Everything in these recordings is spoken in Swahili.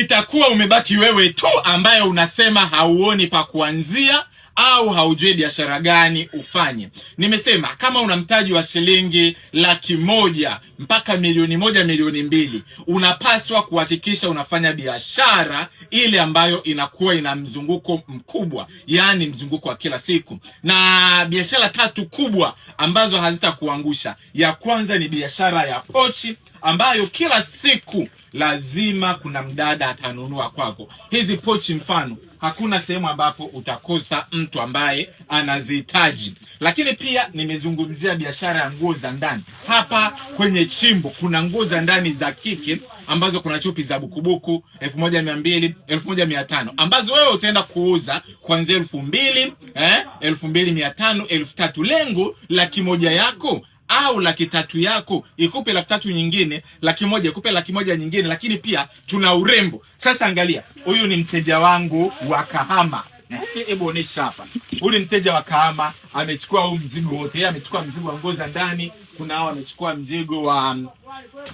itakuwa umebaki wewe tu ambaye unasema hauoni pa kuanzia au haujui biashara gani ufanye. Nimesema kama una mtaji wa shilingi laki moja mpaka milioni moja milioni mbili unapaswa kuhakikisha unafanya biashara ile ambayo inakuwa ina mzunguko mkubwa, yaani mzunguko wa kila siku. Na biashara tatu kubwa ambazo hazitakuangusha, ya kwanza ni biashara ya pochi ambayo kila siku lazima kuna mdada atanunua kwako. Hizi pochi mfano hakuna sehemu ambapo utakosa mtu ambaye anazihitaji. Lakini pia nimezungumzia biashara ya nguo za ndani. Hapa kwenye chimbo kuna nguo za ndani za kike ambazo kuna chupi za bukubuku elfu moja mia mbili elfu moja mia tano ambazo wewe utaenda kuuza kuanzia elfu mbili eh, elfu mbili mia tano elfu tatu lengo la kimoja yako au laki tatu yako ikupe laki tatu nyingine, laki moja ikupe laki moja nyingine, lakini pia tuna urembo. Sasa angalia, huyu ni mteja wangu wa Kahama. Hebu onyesha hapa, huyu ni mteja wa Kahama, amechukua huu mzigo wote. Yeye amechukua mzigo wa nguo za ndani, kuna hao amechukua mzigo wa mm,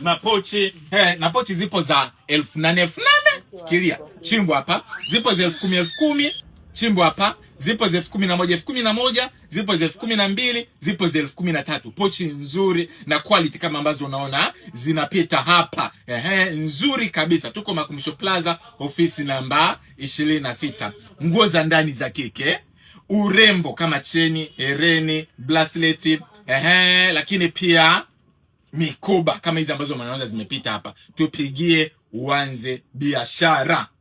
mapochi he, na pochi zipo za elfu nane elfu nane fikiria, chimbo hapa zipo za elfu kumi elfu kumi chimbo hapa zipo za elfu kumi na moja elfu kumi na moja zipo za elfu kumi na mbili zipo za elfu kumi na tatu Pochi nzuri na quality kama ambazo unaona zinapita hapa, ehe, nzuri kabisa. Tuko Makumbusho Plaza, ofisi namba ishirini na sita. Nguo za ndani za kike, urembo kama cheni, hereni, bracelet, ehe, lakini pia mikoba kama hizi ambazo unaona zimepita hapa. Tupigie uanze biashara.